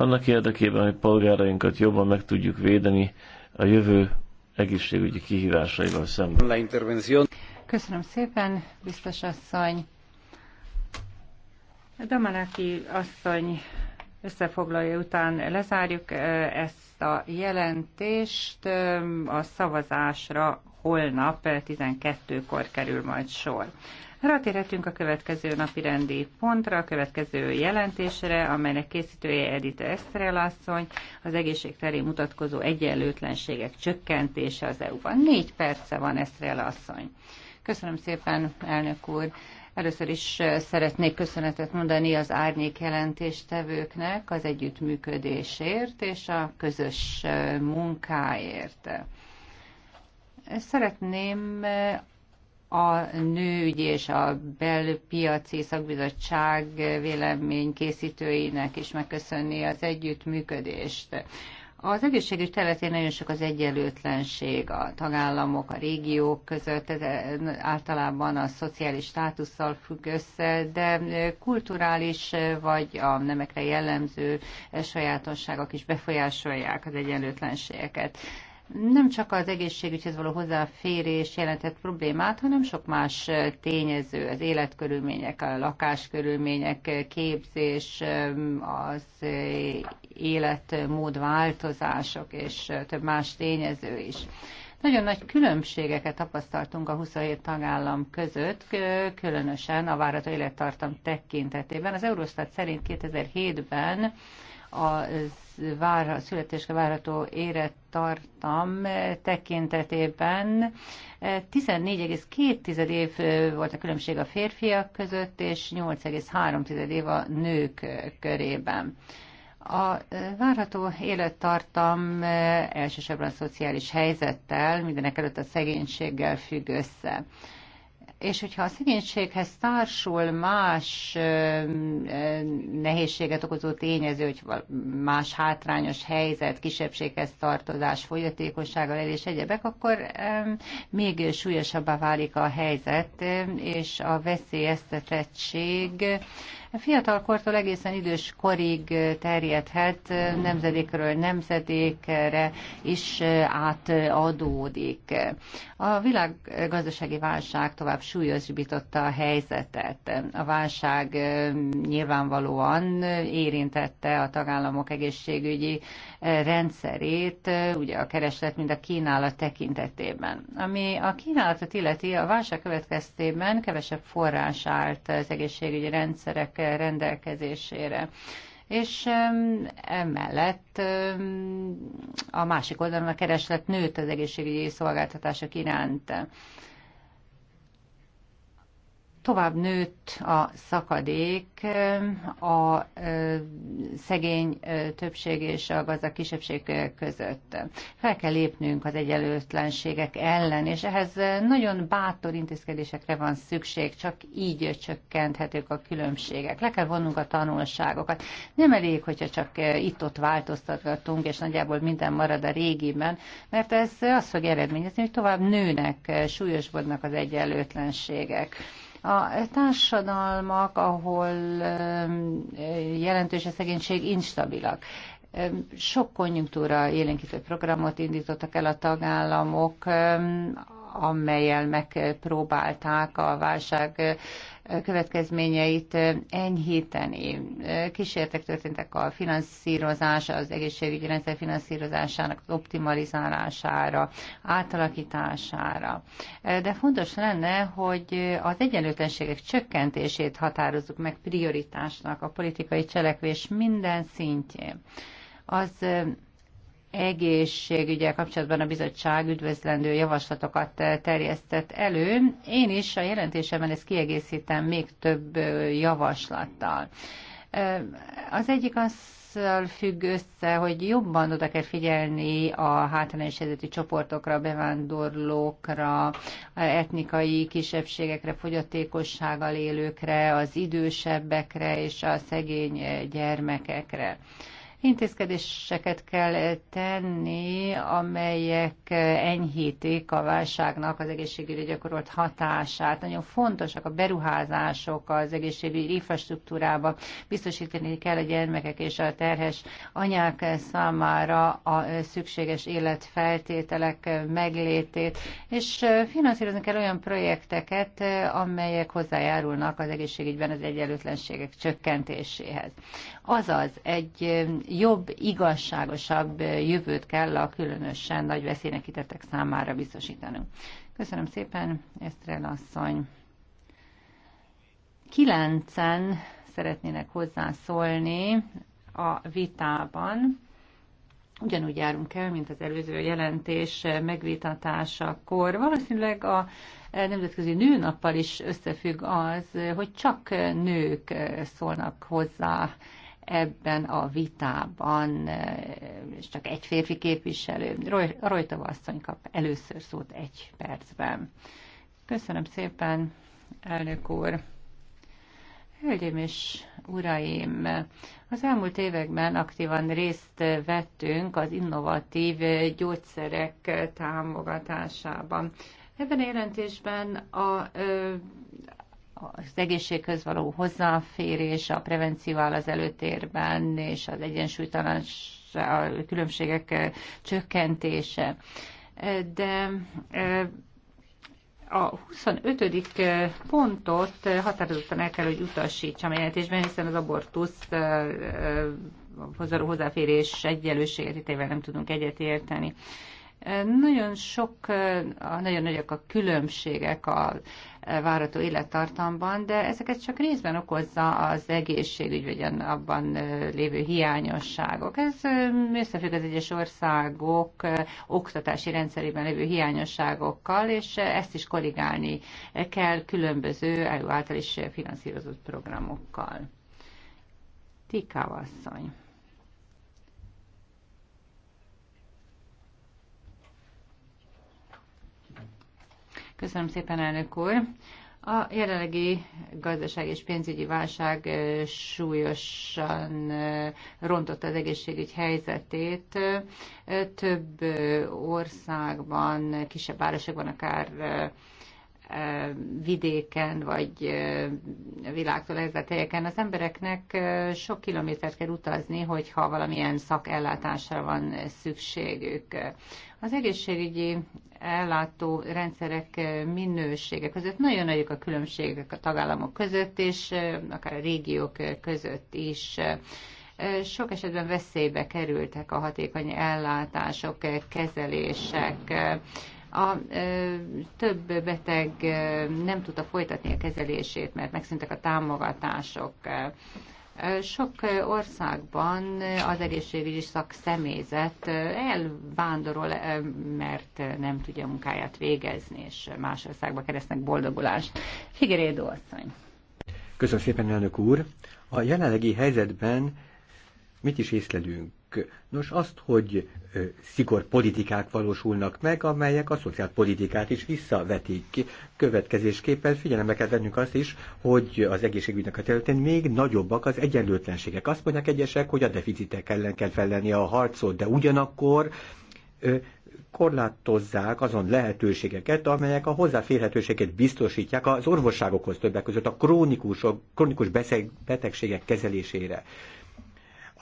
annak érdekében, hogy polgárainkat jobban meg tudjuk védeni a jövő egészségügyi kihívásaival szemben. Köszönöm szépen, biztos asszony. Damanaki asszony összefoglalja után lezárjuk eh, ezt a jelentést, eh, a szavazásra holnap 12-kor kerül majd sor. Rátérhetünk a következő napi rendi pontra, a következő jelentésre, amelynek készítője Edith Eszterelasszony, az egészség terén mutatkozó egyenlőtlenségek csökkentése az EU-ban. Négy perce van Eszterelasszony. Köszönöm szépen, elnök úr. Először is eh, szeretnék köszönetet mondani az árnyék jelentéstevőknek az együttműködésért és a közös eh, munkáért. Szeretném eh, a nőügy és a belpiaci szakbizottság készítőinek is megköszönni az együttműködést. Az egészségügy területén nagyon sok az egyenlőtlenség a tagállamok, a régiók között, ez eh, általában a szociális státusszal függ össze, de eh, kulturális vagy a nemekre jellemző sajátosságok is befolyásolják az egyenlőtlenségeket nem csak az egészségügyhez való hozzáférés jelentett problémát, hanem sok más tényező, az életkörülmények, a lakáskörülmények, képzés, az életmód változások és több más tényező is. Nagyon nagy különbségeket tapasztaltunk a 27 tagállam között, különösen a várató élettartam tekintetében. Az Eurostat szerint 2007-ben a vár, születésre várható tartam tekintetében 14,2 év volt a különbség a férfiak között, és 8,3 év a nők körében. A várható élettartam elsősorban a szociális helyzettel, mindenek előtt a szegénységgel függ össze és hogyha a szegénységhez társul más nehézséget okozó tényező, hogy más hátrányos helyzet, kisebbséghez tartozás, fogyatékossággal és egyebek, akkor még súlyosabbá válik a helyzet, és a veszélyeztetettség fiatal kortól egészen idős korig terjedhet, nemzedékről nemzedékre is átadódik. A világgazdasági válság tovább súlyosbította a helyzetet. A válság nyilvánvalóan érintette a tagállamok egészségügyi rendszerét, ugye a kereslet, mind a kínálat tekintetében. Ami a kínálatot illeti, a válság következtében kevesebb forrás állt az egészségügyi rendszerek E, rendelkezésére és emellett a másik oldalon a kereslet nőtt az egészségügyi szolgáltatások iránt tovább nőtt a szakadék a szegény többség és a gazdag kisebbség között. Fel kell lépnünk az egyenlőtlenségek ellen, és ehhez nagyon bátor intézkedésekre van szükség, csak így csökkenthetők a különbségek. Le kell vonnunk a tanulságokat. Nem elég, hogyha csak itt-ott változtatgatunk, és nagyjából minden marad a régiben, mert ez azt fog eredményezni, hogy tovább nőnek, súlyosbodnak az egyenlőtlenségek. A társadalmak, ahol jelentős a szegénység, instabilak. Sok konjunktúra élénkítő programot indítottak el a tagállamok, amelyel megpróbálták a válság következményeit enyhíteni. Kísérletek történtek a finanszírozás, az egészségügyi rendszer finanszírozásának az optimalizálására, átalakítására. De fontos lenne, hogy az egyenlőtlenségek csökkentését határozzuk meg prioritásnak a politikai cselekvés minden szintjén. Az egészségügyel kapcsolatban a bizottság üdvözlendő javaslatokat eh, terjesztett elő. Én is a jelentésemben ezt kiegészítem még több eh, javaslattal. Eh, az egyik az azzal függ össze, hogy jobban oda kell figyelni a hátrányos helyzetű csoportokra, bevándorlókra, etnikai kisebbségekre, fogyatékossággal élőkre, az idősebbekre és a szegény gyermekekre. Intézkedéseket kell tenni, amelyek enyhítik a válságnak az egészségügyre gyakorolt hatását. Nagyon fontosak a beruházások az egészségügyi infrastruktúrába. Biztosítani kell a gyermekek és a terhes anyák számára a szükséges életfeltételek meglétét, és finanszírozni kell olyan projekteket, amelyek hozzájárulnak az egészségügyben az egyenlőtlenségek csökkentéséhez. Azaz, egy jobb, igazságosabb jövőt kell a különösen nagy veszélynek kitettek számára biztosítanunk. Köszönöm szépen, Esztrel asszony. Kilencen szeretnének hozzászólni a vitában. Ugyanúgy járunk el, mint az előző jelentés megvitatásakor. Valószínűleg a Nemzetközi Nőnappal is összefügg az, hogy csak nők szólnak hozzá ebben a vitában, és csak egy férfi képviselő. Rojtova asszony kap először szót egy percben. Köszönöm szépen, elnök úr. Hölgyeim és uraim, az elmúlt években aktívan részt vettünk az innovatív gyógyszerek támogatásában. Ebben a jelentésben a, az egészséghez való hozzáférés, a prevenció áll az előtérben, és az egyensúlytalan különbségek eh, csökkentése. Eh, de eh, a 25. pontot határozottan el kell, hogy utasítsam a jelentésben, hiszen az abortusz hozzáférés hozzáférés egyenlőséget ítével nem tudunk egyetérteni. Nagyon sok, nagyon nagyok a különbségek a várható élettartamban, de ezeket csak részben okozza az egészségügy, vagy abban lévő hiányosságok. Ez összefügg az egyes országok oktatási rendszerében lévő hiányosságokkal, és ezt is korrigálni kell különböző EU által is finanszírozott programokkal. Tika asszony. Köszönöm szépen, elnök úr. A jelenlegi gazdaság és pénzügyi válság súlyosan rontotta az egészségügy helyzetét. Több országban, kisebb városokban akár vidéken, vagy világtól elzett helyeken az embereknek sok kilométert kell utazni, hogyha valamilyen szakellátásra van szükségük. Az egészségügyi ellátó rendszerek minősége között nagyon nagyok a különbségek a tagállamok között, és akár a régiók között is sok esetben veszélybe kerültek a hatékony ellátások, kezelések a több beteg nem tudta folytatni a kezelését, mert megszűntek a támogatások. Sok országban az egészségügyi szakszemélyzet elvándorol, mert nem tudja a munkáját végezni, és más országba keresnek boldogulást. Figyelédó asszony! Köszönöm szépen, elnök úr! A jelenlegi helyzetben mit is észlelünk? Nos, azt, hogy szigor politikák valósulnak meg, amelyek a szociálpolitikát is visszavetik. Következésképpen figyelembe kell vennünk azt is, hogy az egészségügynek a területén még nagyobbak az egyenlőtlenségek. Azt mondják egyesek, hogy a deficitek ellen kell fellenni a harcot, de ugyanakkor korlátozzák azon lehetőségeket, amelyek a hozzáférhetőséget biztosítják az orvosságokhoz többek között a krónikus, a krónikus betegségek kezelésére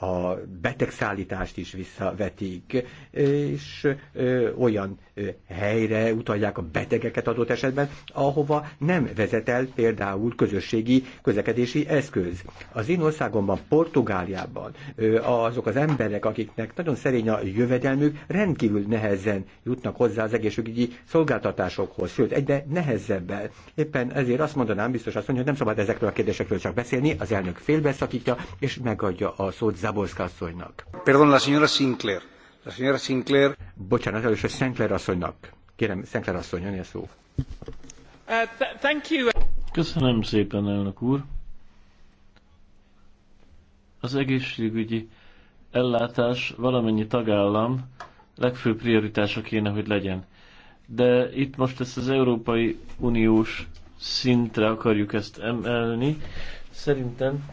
a betegszállítást is visszavetik, és olyan helyre utalják a betegeket adott esetben, ahova nem vezet el például közösségi közlekedési eszköz. Az én országomban, Portugáliában azok az emberek, akiknek nagyon szerény a jövedelmük, rendkívül nehezen jutnak hozzá az egészségügyi szolgáltatásokhoz, sőt, egyre nehezebben. Éppen ezért azt mondanám, biztos azt mondja, hogy nem szabad ezekről a kérdésekről csak beszélni, az elnök félbeszakítja, és megadja a szót Záborszka asszonynak. Perdón, la señora Sinclair. La señora Sinclair. Bocsánat, először Sinclair asszonynak. Kérem, Sinclair asszony, jön szó. Uh, thank you. Köszönöm szépen, elnök úr. Az egészségügyi ellátás valamennyi tagállam legfőbb prioritása kéne, hogy legyen. De itt most ezt az Európai Uniós szintre akarjuk ezt emelni. Szerintem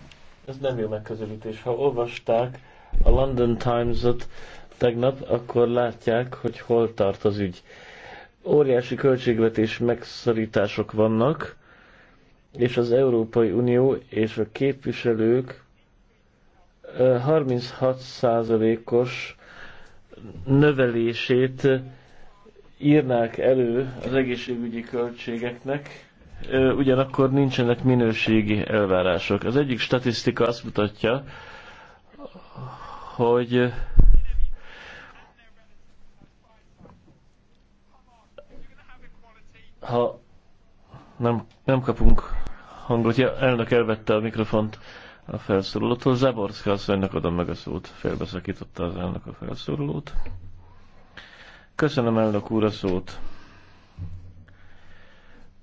ez nem jó megközelítés. Ha olvasták a London Times-ot tegnap, akkor látják, hogy hol tart az ügy. Óriási költségvetés megszorítások vannak, és az Európai Unió és a képviselők 36%-os növelését írnák elő az egészségügyi költségeknek, ugyanakkor nincsenek minőségi elvárások. Az egyik statisztika azt mutatja, hogy ha nem, nem kapunk hangot, ja, elnök elvette a mikrofont a felszólalótól, Zaborszka mondja, adom meg a szót, félbeszakította az elnök a felszólalót. Köszönöm elnök úr a szót.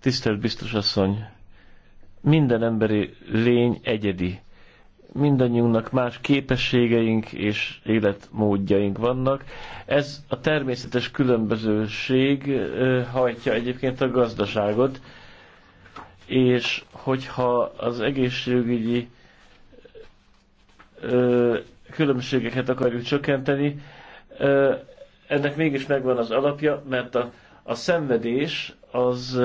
Tisztelt biztos asszony, minden emberi lény egyedi. Mindannyiunknak más képességeink és életmódjaink vannak. Ez a természetes különbözőség hajtja egyébként a gazdaságot, és hogyha az egészségügyi különbségeket akarjuk csökkenteni, ennek mégis megvan az alapja, mert a, a szenvedés az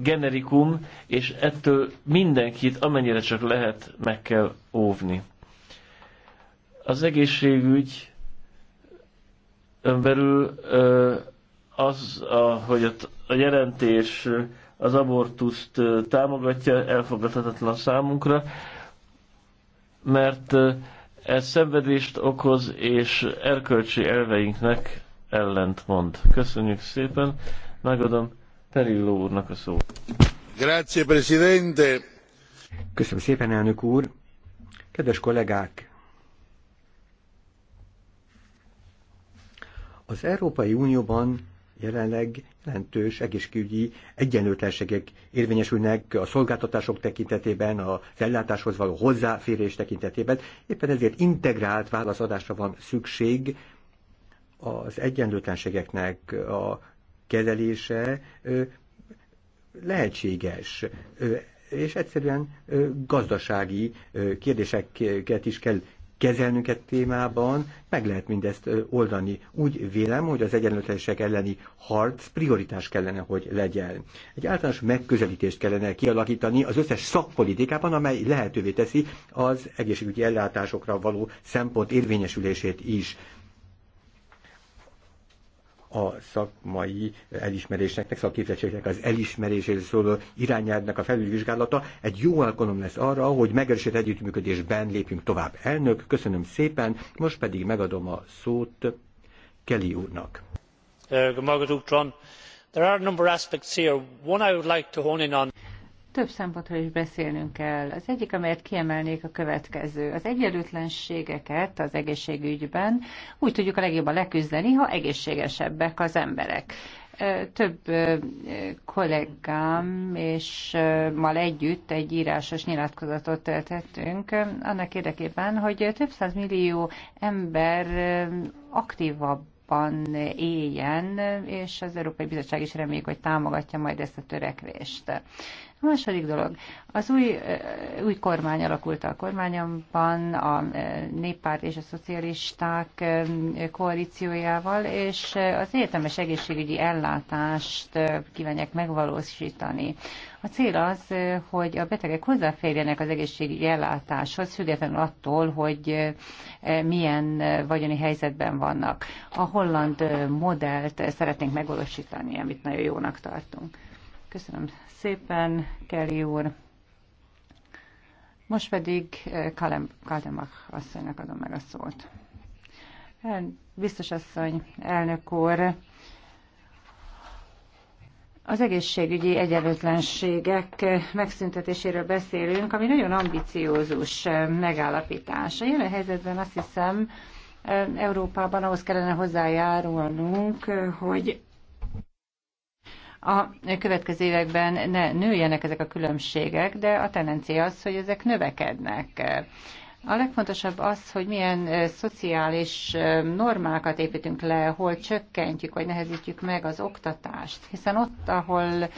generikum, és ettől mindenkit, amennyire csak lehet, meg kell óvni. Az egészségügy önbelül az, a, hogy a jelentés az abortuszt támogatja, elfogadhatatlan számunkra, mert ez szenvedést okoz, és erkölcsi elveinknek ellentmond. Köszönjük szépen, megadom Perilló úrnak a Grazie, Presidente. Köszönöm szépen, elnök úr. Kedves kollégák, az Európai Unióban jelenleg jelentős egészségügyi egyenlőtlenségek érvényesülnek a szolgáltatások tekintetében, az ellátáshoz való hozzáférés tekintetében. Éppen ezért integrált válaszadásra van szükség az egyenlőtlenségeknek a kezelése lehetséges, és egyszerűen gazdasági kérdéseket is kell egy témában, meg lehet mindezt oldani. Úgy vélem, hogy az egyenlőtlenségek elleni harc prioritás kellene, hogy legyen. Egy általános megközelítést kellene kialakítani az összes szakpolitikában, amely lehetővé teszi az egészségügyi ellátásokra való szempont érvényesülését is a szakmai elismeréseknek, szakképzettségeknek az elismeréséről szóló irányelvnek a felülvizsgálata egy jó alkalom lesz arra, hogy megerősített együttműködésben lépjünk tovább. Elnök, köszönöm szépen, most pedig megadom a szót Kelly úrnak. Uh, There are a number of aspects here. One I would like to hone in on több szempontról is beszélnünk kell. Az egyik, amelyet kiemelnék a következő. Az egyenlőtlenségeket az egészségügyben úgy tudjuk a legjobban leküzdeni, ha egészségesebbek az emberek több kollégám és mal együtt egy írásos nyilatkozatot tettünk annak érdekében, hogy több száz millió ember aktívabb éljen, és az Európai Bizottság is reméljük, hogy támogatja majd ezt a törekvést. A második dolog, az új, új kormány alakult a kormányomban, a néppárt és a szocialisták koalíciójával, és az értelmes egészségügyi ellátást kívánják megvalósítani. A cél az, hogy a betegek hozzáférjenek az egészségügyi ellátáshoz, függetlenül attól, hogy milyen vagyoni helyzetben vannak. A holland modellt szeretnénk megvalósítani, amit nagyon jónak tartunk. Köszönöm szépen, Kelly úr. Most pedig eh, Kalem, Kalemach asszonynak adom meg a szót. Eh, biztos asszony, elnök úr, az egészségügyi egyenlőtlenségek eh, megszüntetéséről beszélünk, ami nagyon ambiciózus megállapítás. A jelen helyzetben azt hiszem, Európában ahhoz kellene hozzájárulnunk, hogy a következő években ne nőjenek ezek a különbségek, de a tendencia az, hogy ezek növekednek. A legfontosabb az, hogy milyen szociális normákat építünk le, hol csökkentjük vagy nehezítjük meg az oktatást. Hiszen ott, ahol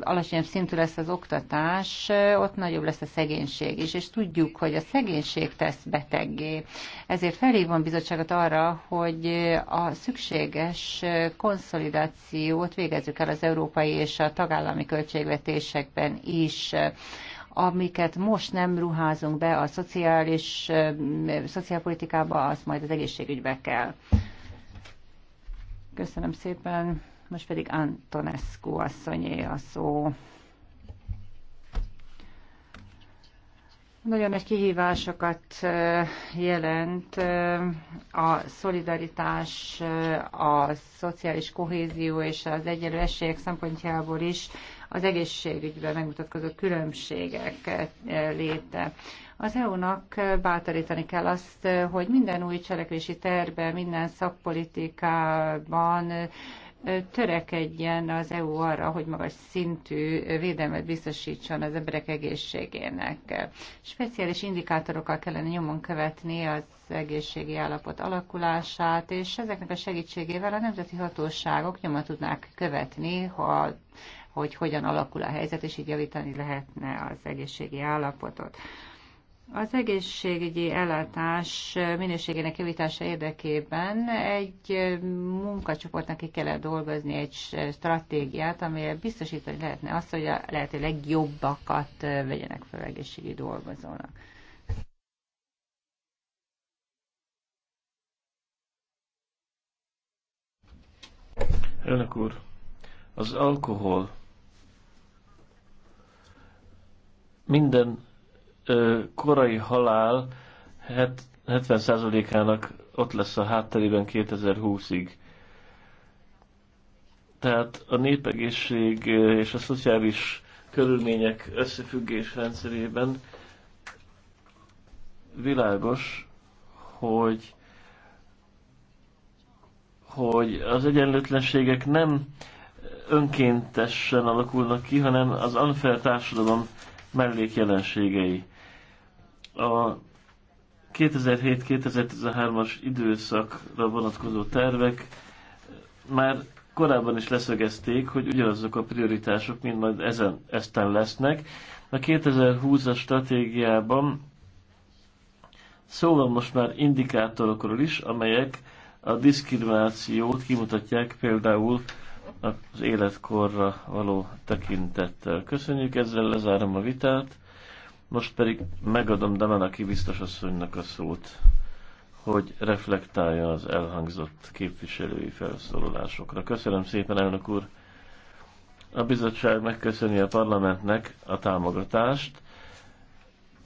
alacsonyabb szintű lesz az oktatás, ott nagyobb lesz a szegénység is, és tudjuk, hogy a szegénység tesz beteggé. Ezért felhívom bizottságot arra, hogy a szükséges konszolidációt végezzük el az európai és a tagállami költségvetésekben is amiket most nem ruházunk be a szociális, szociálpolitikába, azt majd az egészségügybe kell. Köszönöm szépen. Most pedig Antonescu asszonyé a szó. Nagyon nagy kihívásokat jelent a szolidaritás, a szociális kohézió és az egyenlő esélyek szempontjából is az egészségügyben megmutatkozó különbségek eh, léte. Az EU-nak eh, bátorítani kell azt, eh, hogy minden új cselekvési terben, minden szakpolitikában törekedjen az EU arra, hogy magas szintű védelmet biztosítson az emberek egészségének. Speciális indikátorokkal kellene nyomon követni az egészségi állapot alakulását, és ezeknek a segítségével a nemzeti hatóságok nyomon tudnák követni, ha hogy hogyan alakul a helyzet, és így javítani lehetne az egészségi állapotot. Az egészségügyi ellátás minőségének javítása érdekében egy munkacsoportnak ki kellett dolgozni egy stratégiát, amely biztosítani lehetne azt, hogy a lehető legjobbakat vegyenek fel egészségi dolgozónak. Elnök úr, az alkohol minden ö, korai halál 70%-ának ott lesz a hátterében 2020-ig. Tehát a népegészség és a szociális körülmények összefüggés rendszerében világos, hogy hogy az egyenlőtlenségek nem önkéntesen alakulnak ki, hanem az unfair társadalom mellékjelenségei. A 2007-2013-as időszakra vonatkozó tervek már korábban is leszögezték, hogy ugyanazok a prioritások mint majd ezen, ezten lesznek. A 2020-as stratégiában szó van most már indikátorokról is, amelyek a diszkriminációt kimutatják például az életkorra való tekintettel. Köszönjük, ezzel lezárom a vitát. Most pedig megadom aki biztos asszonynak a szót, hogy reflektálja az elhangzott képviselői felszólalásokra. Köszönöm szépen, elnök úr! A bizottság megköszöni a parlamentnek a támogatást,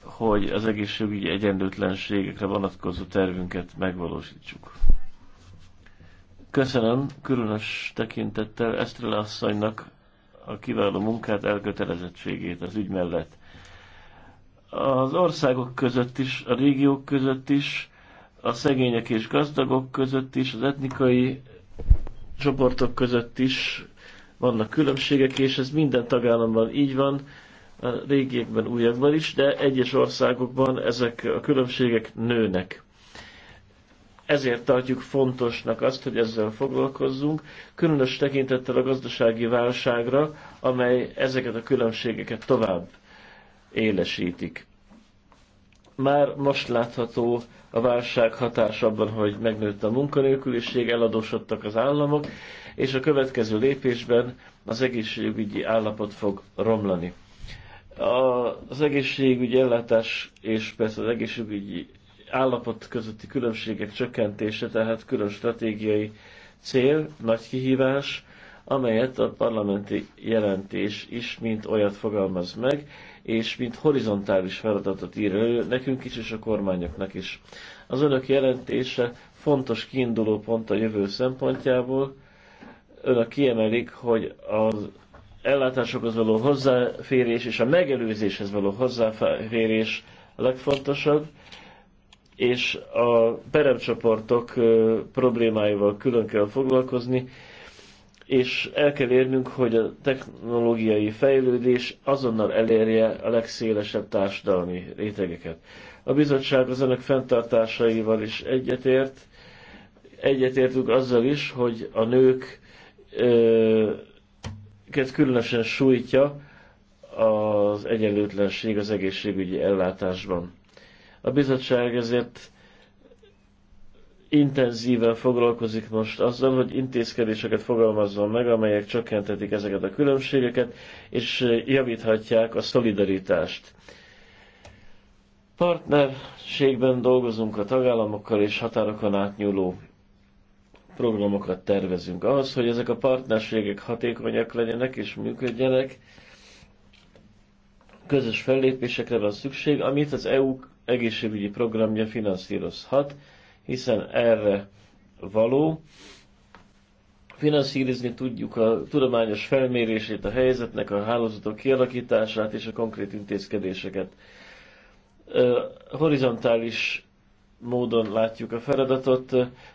hogy az egészségügyi egyenlőtlenségekre vonatkozó tervünket megvalósítsuk. Köszönöm különös tekintettel Esztrela asszonynak a kiváló munkát, elkötelezettségét az ügy mellett. Az országok között is, a régiók között is, a szegények és gazdagok között is, az etnikai csoportok között is vannak különbségek, és ez minden tagállamban így van, a régiekben, újakban is, de egyes országokban ezek a különbségek nőnek ezért tartjuk fontosnak azt, hogy ezzel foglalkozzunk, különös tekintettel a gazdasági válságra, amely ezeket a különbségeket tovább élesítik. Már most látható a válság hatás abban, hogy megnőtt a munkanélküliség, eladósodtak az államok, és a következő lépésben az egészségügyi állapot fog romlani. Az egészségügyi ellátás és persze az egészségügyi állapot közötti különbségek csökkentése, tehát külön stratégiai cél, nagy kihívás, amelyet a parlamenti jelentés is mint olyat fogalmaz meg, és mint horizontális feladatot ír elő nekünk is és a kormányoknak is. Az önök jelentése fontos kiinduló pont a jövő szempontjából. Önök kiemelik, hogy az ellátásokhoz való hozzáférés és a megelőzéshez való hozzáférés a legfontosabb, és a peremcsoportok problémáival külön kell foglalkozni, és el kell érnünk, hogy a technológiai fejlődés azonnal elérje a legszélesebb társadalmi rétegeket. A bizottság az önök fenntartásaival is egyetért, egyetértünk azzal is, hogy a nők őket különösen sújtja az egyenlőtlenség az egészségügyi ellátásban. A bizottság ezért intenzíven foglalkozik most azzal, hogy intézkedéseket fogalmazzon meg, amelyek csökkentetik ezeket a különbségeket, és javíthatják a szolidaritást. Partnerségben dolgozunk a tagállamokkal és határokon átnyúló programokat tervezünk. Ahhoz, hogy ezek a partnerségek hatékonyak legyenek és működjenek, közös fellépésekre van szükség, amit az EU egészségügyi programja finanszírozhat, hiszen erre való. Finanszírozni tudjuk a tudományos felmérését a helyzetnek, a hálózatok kialakítását és a konkrét intézkedéseket. Horizontális módon látjuk a feladatot,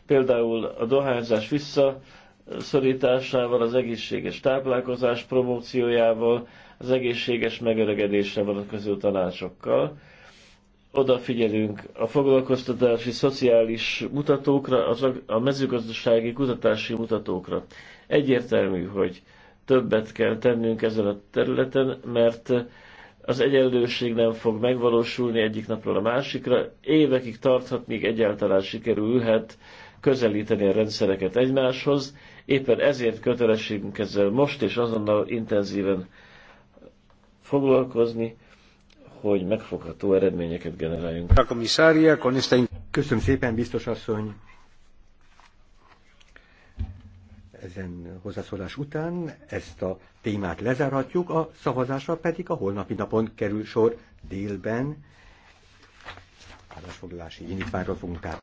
például a dohányzás visszaszorításával, az egészséges táplálkozás promóciójával, az egészséges megöregedésre vonatkozó tanácsokkal odafigyelünk a foglalkoztatási, szociális mutatókra, az a mezőgazdasági kutatási mutatókra. Egyértelmű, hogy többet kell tennünk ezen a területen, mert az egyenlőség nem fog megvalósulni egyik napról a másikra, évekig tarthat, míg egyáltalán sikerülhet közelíteni a rendszereket egymáshoz, éppen ezért kötelességünk ezzel most és azonnal intenzíven foglalkozni, hogy megfogható eredményeket generáljunk. Köszönöm szépen, biztos asszony! Ezen hozzászólás után ezt a témát lezárhatjuk, a szavazásra pedig a holnapi napon kerül sor délben. Állásfoglalási indítványról fogunk tárgyalni.